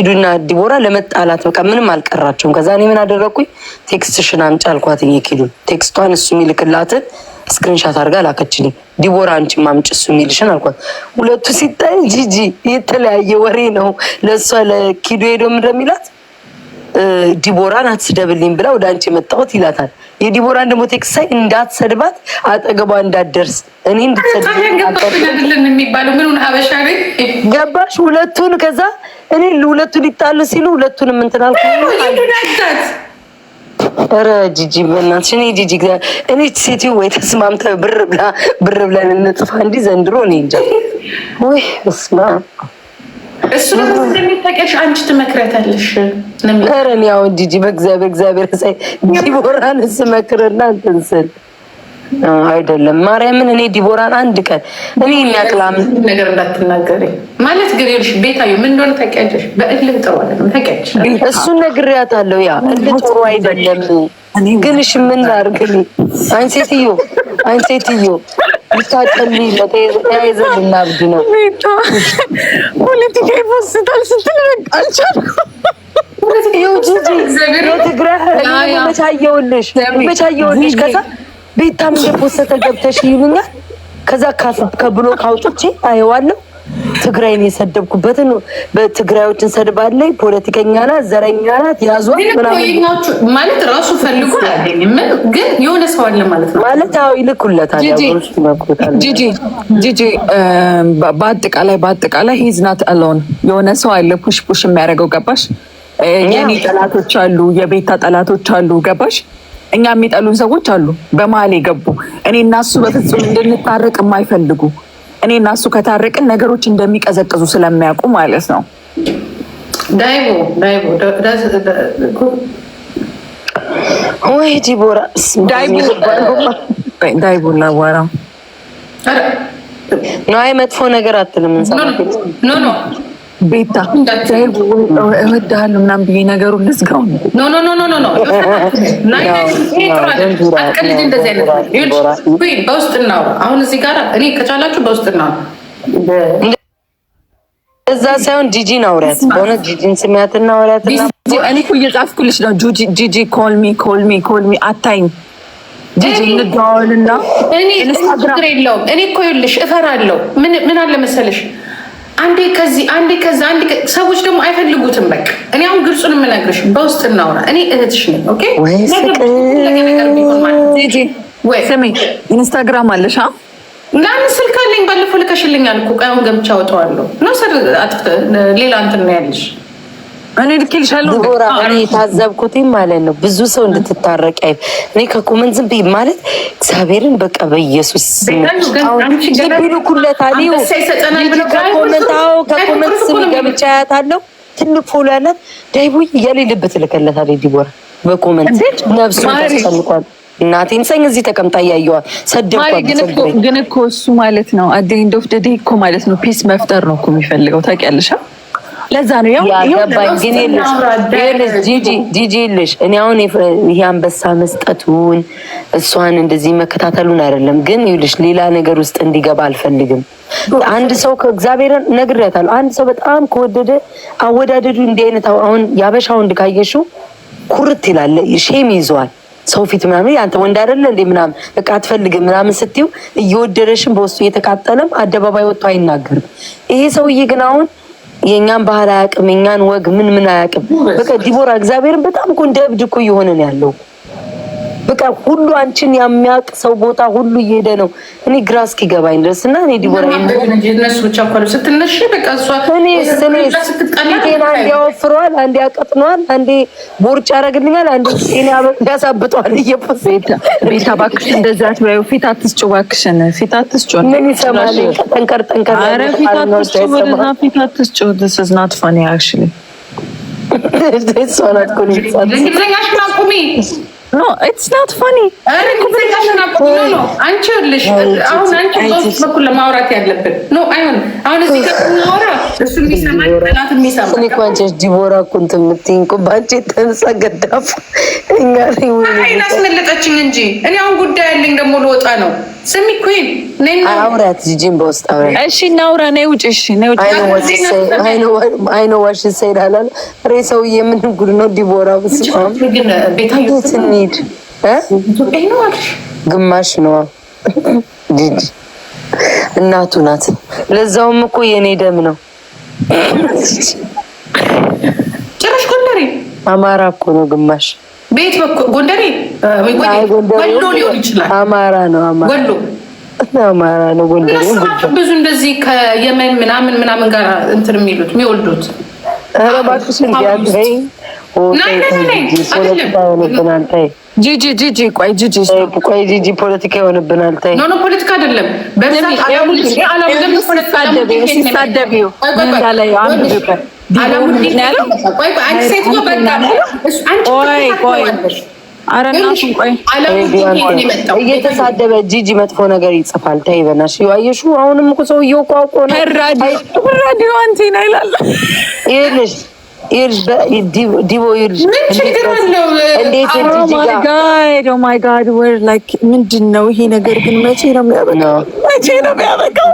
ኪዱና ዲቦራ ለመጣላት በቃ ምንም አልቀራቸውም። ከዛ እኔ ምን አደረግኩኝ? ቴክስትሽን አምጪ አልኳትኝ። የኪዱን ቴክስቷን እሱ የሚልክላትን ስክሪንሻት አድርጋ ላከችልኝ። ዲቦራ አንቺ ማምጭ እሱ የሚልሽን አልኳት። ሁለቱ ሲታይ ጂጂ የተለያየ ወሬ ነው። ለእሷ ለኪዱ ሄዶ ምንድን ነው የሚላት? ዲቦራን አትስደብልኝ ብላ ወደ አንቺ የመጣሁት ይላታል። የዲቦራን ደግሞ ቴክስት ሳይ እንዳትሰድባት፣ አጠገቧ እንዳትደርስ እኔ ገባሽ? ሁለቱን ከዛ እኔ ለሁለቱ ሊጣሉ ሲሉ ሁለቱን ምንትናል ኧረ ጂጂ በእናትሽ እኔ ጂጂ እኔ ሴትዮ ወይ ተስማምተ ብር ብላ ብር ብለን እንጥፋ እንዲህ ዘንድሮ እኔ እንጃ ወይ እስማ እሱ እንደሚታቀሽ አንቺ ትመክረታለሽ። ረን ያው ጂጂ በእግዚአብሔር ሳይ ዲቦራን ስመክርና እንትን ስል አይደለም ማርያምን እኔ ዲቦራን አንድ ቀን እኔ የሚያቅላም ነገር እንዳትናገሪ ማለት ግን ይኸውልሽ ቤታዬ ምን እንደሆነ ታውቂያለሽ። በእልህ ጥሩ አይደለም ታውቂያለሽ። እሱን ነግሬያታለሁ። ያ እልህ ጥሩ አይደለም ግን እሺ ምን ላድርግ? አንሴትዮ አንሴትዮ ልታጨልይ ተያይዘን ነው። ፖለቲካ ይፈስታል ስትል በቃ መቻየውልሽ ከዛ ቤታም ገብተሽ ይሉኛል። ከዛ ከብሎ ካውጡቼ አየዋለሁ ትግራይን የሰደብኩበትን በትግራዮችን ሰድባለይ ፖለቲከኛ ናት፣ ዘረኛ ናት፣ ያዟ ማለት ራሱ ፈልጎ አያገኝም፣ ግን የሆነ ሰው አለ ማለት ነው ማለት ው ይልኩለታል። ጂጂ በአጠቃላይ በአጠቃላይ ሂዝ ናት አሎን የሆነ ሰው አለ ፑሽ ፑሽ የሚያደርገው ገባሽ? የኔ ጠላቶች አሉ፣ የቤታ ጠላቶች አሉ፣ ገባሽ? እኛ የሚጠሉን ሰዎች አሉ፣ በመሀል የገቡ እኔ እና እሱ በፍጹም እንድንታረቅ የማይፈልጉ እኔ እና እሱ ከታረቅን ነገሮች እንደሚቀዘቅዙ ስለሚያውቁ ማለት ነው። ዳይቦ ዳይቦ ወይ ዲቦራ ዳይቦ ነዋይ መጥፎ ነገር አትልም። ቤታ እወድሃለሁ ምናምን ብዬ ነገሩን ልዝጋው ነው። ኖ ኖ ኖ ኖ ኖ በውስጥ እናው አሁን እዚህ ጋር ጂጂ አታይም እኔ የለውም። እኔ እኮ ይኸውልሽ እፈራለሁ። ምን ምን አለ መሰለሽ አንዴ ከዚህ አንዴ ከዛ አንዴ ሰዎች ደግሞ አይፈልጉትም። በቃ እኔ አሁን ግልጹን የምነግርሽ በውስጥ እናውራ። እኔ እህትሽ ነኝ። ኦኬ ኢንስታግራም አለሽ? ለምን ስልክ አለኝ። ባለፈው ልከሽልኛል እኮ ቀኑን ገብቻ አወጣዋለሁ ነው ሰር ሌላ እንትን ነው ያለሽ እኔ ልኬልሻለሁ ዲቦራ። እኔ የታዘብኩት ማለት ነው ብዙ ሰው እንድትታረቅ አይ እኔ ከኮመንት ዝም ብዬ ማለት እግዚአብሔርን በቃ በኢየሱስ ከኮመንት ስም ገብቻ ያታለሁ ትልቅ ፎሎ ያላት ዳይቦ እያለ ልብ ትልከለታለች ዲቦራ በኮመንት ነብሱ ተሰልቋል። እናቴን ሰኝ እዚህ ተቀምጣ እያየዋል ሰደግን እኮ እሱ ማለት ነው አደኝ ዶፍ ደዴ እኮ ማለት ነው ፒስ መፍጠር ነው እኮ የሚፈልገው ታውቂያለሽ። ለዛ ነው ያገባኝ። ግን ጂጂ እኔ አሁን ይሄ አንበሳ መስጠቱን እሷን እንደዚህ መከታተሉን አይደለም፣ ግን ሌላ ነገር ውስጥ እንዲገባ አልፈልግም። አንድ ሰው ከእግዚአብሔርን ነግሬያታለሁ። አንድ ሰው በጣም ከወደደ አወዳደዱ እንዲህ አይነት አሁን ያበሻ ወንድ ካየሽው ኩርት ይላል፣ ሼም ይዘዋል ሰው ፊት ምናምን አንተ ወንድ አይደለ እንዴ ምናምን በቃ አትፈልግም ምናምን ስትይው እየወደደሽም በውስጡ እየተቃጠለም አደባባይ ወጥቶ አይናገርም። ይሄ ሰውዬ ግን አሁን የእኛን ባህል አያውቅም፣ የእኛን ወግ ምን ምን አያውቅም። በቃ ዲቦራ እግዚአብሔርን በጣም እኮ እንደ እብድ እኮ እየሆነን ያለው በቃ ሁሉ አንቺን የሚያውቅ ሰው ቦታ ሁሉ እየሄደ ነው። እኔ ግራ እስኪገባኝ ድረስ እና እኔ ዲቦራ ጤና አንዴ ያወፍረዋል፣ አንዴ ያቀጥነዋል፣ አንዴ ቦርጭ ያደርግልኛል፣ አንዴ ጤና ያሳብጠዋል። እየፈሰ ቤታ እባክሽ እንደዚህ አትበይው። ፊት አትስጭ እባክሽን፣ ፊት አትስጭ። ምን ይሰማል? ጠንቀር ጠንቀር። ኧረ ፊት አትስጭ፣ ወደዛ ፊት አትስጭ። ዲስ ኢዝ ናት ፋኒ አክቹሊ ኖ ኢትስ ናት ፋኒ። አንቺ ይኸውልሽ አሁን አንቺ በውስጥ በኩል ለማውራት ያለብን ኖ አይሆንም። አሁን እዚህ ጋር እሱ የሚሰማ ጠላት የሚሰማ እኔ እኮ አንቺ ዲቦራ እኮ እንትን የምትይኝ እኮ የተነሳ ገዳፍ እኛ አስመለጠችኝ እንጂ እኔ አሁን ጉዳይ ያለኝ ደግሞ ልወጣ ነው። ስሚ ኩን አውራት ጂጂን በውስጥ አውራት። እሺ እናውራ። ነይ ውጭ። እሺ ነይ ዋሽን ሰይድ አላለ ሬ ሰውዬ ምን ጉድ ነው ዲቦራ ብስ ቤታ እንሂድ። ግማሽ ነው ጂጂ እናቱ ናት። ለዛውም እኮ የእኔ ደም ነው። ጭራሽ ጎንደሬ አማራ እኮ ነው። ግማሽ ቤት ጎንደሬ ወሎ ሊሆን ይችላል። አማራ ነው ወሎ አማራ ነው ጎንደሬ። ብዙ እንደዚህ ከየመን ምናምን ምናምን ጋር እንትን የሚሉት የሚወልዱት ጂጂ ፖለቲካ የሆነብናል። ተይ ፖለቲካ አይደለም። እየተሳደበ ጂጂ መጥፎ ነገር ይጽፋል። ተይ በናትሽ። አየሹ አሁንም እኮ ሰውዬው እኮ አውቆ ነው ምንድን ነው ይሄ ነገር ግን መቼ ነው የሚያበቃው?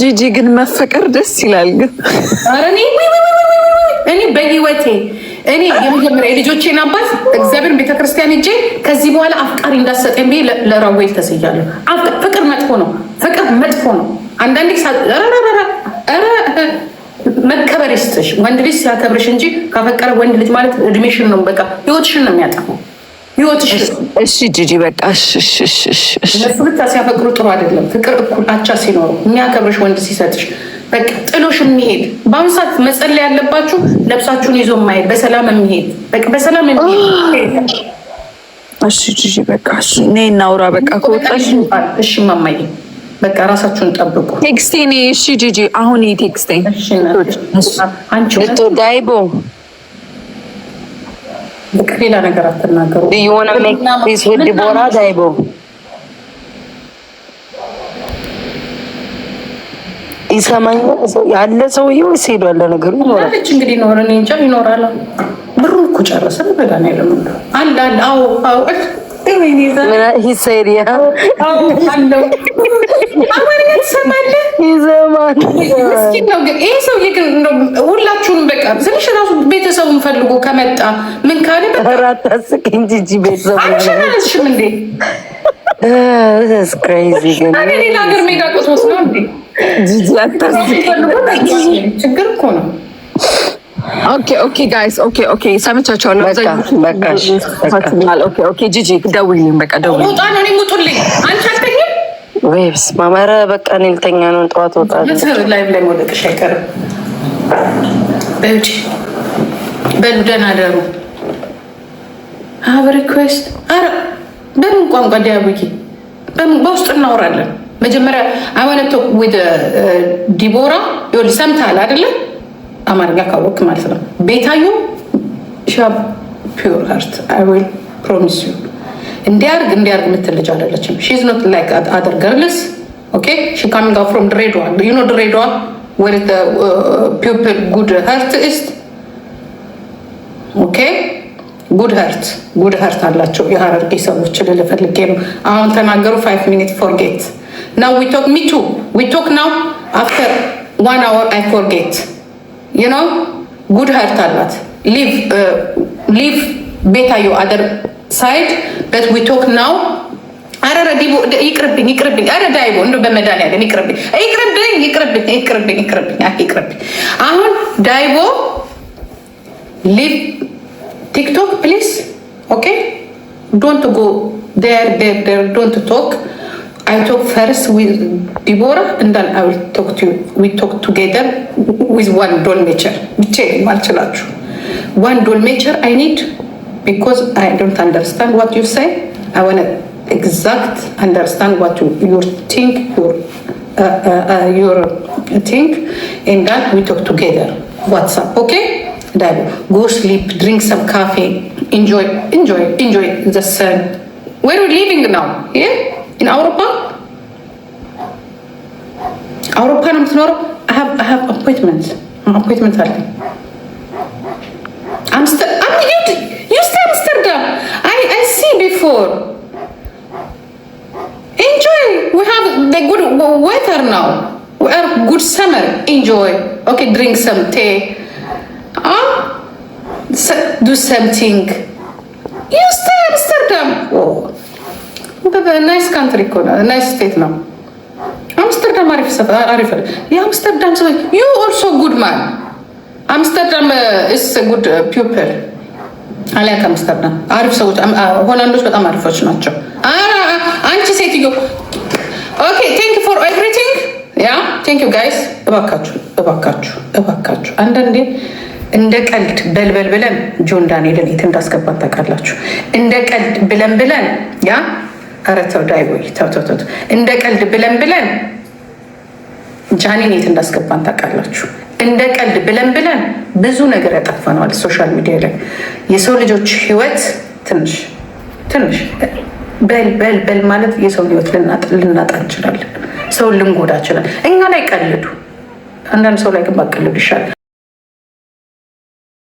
ጂጂ ግን መፈቀር ደስ ይላል። ግን እኔ በህይወቴ እኔ የመጀመሪያ የልጆቼን አባት እግዚአብሔር ቤተክርስቲያን እጄ ከዚህ በኋላ አፍቃሪ እንዳሰጠኝ ብዬ ለራዌል ተስያለሁ። ፍቅር መጥፎ ነው። ፍቅር መጥፎ ነው። አንዳንዴ መከበር ይስጥሽ። ወንድ ልጅ ሲያከብርሽ እንጂ ካፈቀረ ወንድ ልጅ ማለት እድሜሽን ነው፣ በቃ ህይወትሽን ነው የሚያጠፋው። ህይወትሽን እሺ፣ ጂጂ በቃ እነሱ ብቻ ሲያፈቅሩ ጥሩ አይደለም። ፍቅር እኩል አቻ ሲኖሩ የሚያከብርሽ ወንድ ሲሰጥሽ በቃ ጥሎሽ የሚሄድ በአሁኑ ሰዓት መጸለይ ያለባችሁ ለብሳችሁን ይዞ የማሄድ በሰላም የሚሄድ በቃ በሰላም የሚሄድ እሺ፣ ጂጂ በቃ እሺ፣ እኔ እናውራ በቃ ከወጣሽ እሺ፣ ማማዬ በቃ ራሳችሁን ጠብቁ። ቴክስቴን እሺ፣ ጂጂ አሁን ይህ ቴክስቴ ዳይቦ ሌላ ነገር አትናገሩ። ዲቦራ ዳይቦ ይሰማኛ ያለ ሰውዬ ወይስ ሄዷል? ነገሩ ይኖራል እንግዲህ ኖረን እኔ እንጃ ይኖራል። ብሩ እኮ ጨረሰ። በዳን ያለ አለ አለ ሁላችሁንም በቃ ትንሽ ራሱ ቤተሰቡን ፈልጎ ከመጣ ምን ካለ ችግር እኮ ነው። ኦኬ ኦኬ ጋይስ ኦኬ ኦኬ ሰምቻቸው በቃ ኦኬ ኦኬ ጂጂ ደውልኝ። በቃ ደውልኝ። ማማረ በቃ እኔ ልተኛ ነው። ጠዋት ወጣለሁ። በምን ቋንቋ ዲያብጊ በውስጥ እናወራለን። መጀመሪያ አይወነቶ ዊድ ዲቦራ ሰምተሃል አይደለም አማርኛ ካወቅ ማለት ነው። ቤታዩ ሻብ ፒር ሀርት አይል ፕሮሚስ ዩ እንዲያርግ እንዲያርግ የምትል ልጅ አይደለችም። ሺዝ ኖት ላይክ አደር ገርልስ ኦኬ ሺ ካሚንግ አውት ፍሮም ድሬዳዋ ዩ ኖ ድሬዳዋ ዌር ፒፕል ጉድ ሀርት ኢስ ኦኬ ጉድ ሀርት ጉድ ሀርት አላቸው የሀረርጌ ሰዎች ልልፈልጌ ነው። አሁን ተናገሩ። ፋይቭ ሚኒት ፎርጌት ናው ዊ ቶክ ሚ ቱ ዊ ቶክ ናው አፍተር ዋን አወር አይ ፎርጌት ዩኖ ጉድ ሀርት አላት። ሊቭ ቤታዮ አደር ሳይድ በት ዊ ቶክ ናው አረረ ዲቦ ይቅርብኝ፣ ይቅርብኝ። አረ ዳይቦ እንዶ በመድኃኒዓለም ይቅርብኝ፣ ይቅርብኝ፣ ይቅርብኝ፣ ይቅርብኝ፣ ይቅርብኝ፣ ይቅርብኝ። አሁን ዳይቦ ሊቭ ቲክቶክ ፕሊስ። ኦኬ ዶንት ጎ ዴር ዴር ዶንት ቶክ I talk first with Deborah and then I will talk to you. We talk together with one doll nature. one doll nature I need because I don't understand what you say. I want to exact understand what you, you think, your, uh, uh, uh, your think, and that we talk together. What's up? okay? Then go sleep, drink some coffee, enjoy, enjoy, enjoy the sun. Where are we living now? Yeah? In Europa? አውሮፓ ነው የምትኖረው። አፖይንትመንት አፖይንትመንት አለኝ አምስተርዳም አይ ሲ ቢፎር ኢንጆይ ዊ ሃቭ ጉድ ዌተር ናው ጉድ ሰመር ኢንጆይ ኦኬ ድሪንክ ሰምቴ ዱ ሰምቲንግ ዩ ስቴይ አምስተርዳም ናይስ ካንትሪ ናይስ ስቴት ነው። በጣም አሪፍ አሪፍ። የአምስተርዳም ሰው ዩ ኦልሶ ጉድ ማን አምስተርዳም ኢስ ጉድ ፒፕል አሊያ ከአምስተርዳም አሪፍ ሰዎች፣ ሆላንዶች በጣም አሪፎች ናቸው። አንቺ ሴትዮ ኦኬ ቴንክ ፎር ኤቭሪቲንግ ያ ቴንክ ዩ ጋይስ። እባካችሁ እባካችሁ እባካችሁ አንዳንዴ እንደ ቀልድ በልበል ብለን ጆን ዳንኤልን የት እንዳስገባት ታውቃላችሁ? እንደ ቀልድ ብለን ብለን ያ ኧረ ተው ዳይ ወይ ተው ተው ተው እንደ ቀልድ ብለን ብለን ጃኒን የት እንዳስገባን ታውቃላችሁ። እንደ ቀልድ ብለን ብለን ብዙ ነገር ያጠፋነዋል ሶሻል ሚዲያ ላይ የሰው ልጆች ህይወት ትንሽ ትንሽ በል በል በል ማለት የሰውን ህይወት ልናጣ እንችላለን። ሰውን ልንጎዳ እንችላለን። እኛ ላይ ቀልዱ፣ አንዳንድ ሰው ላይ ግን ባቀልዱ ይሻላል።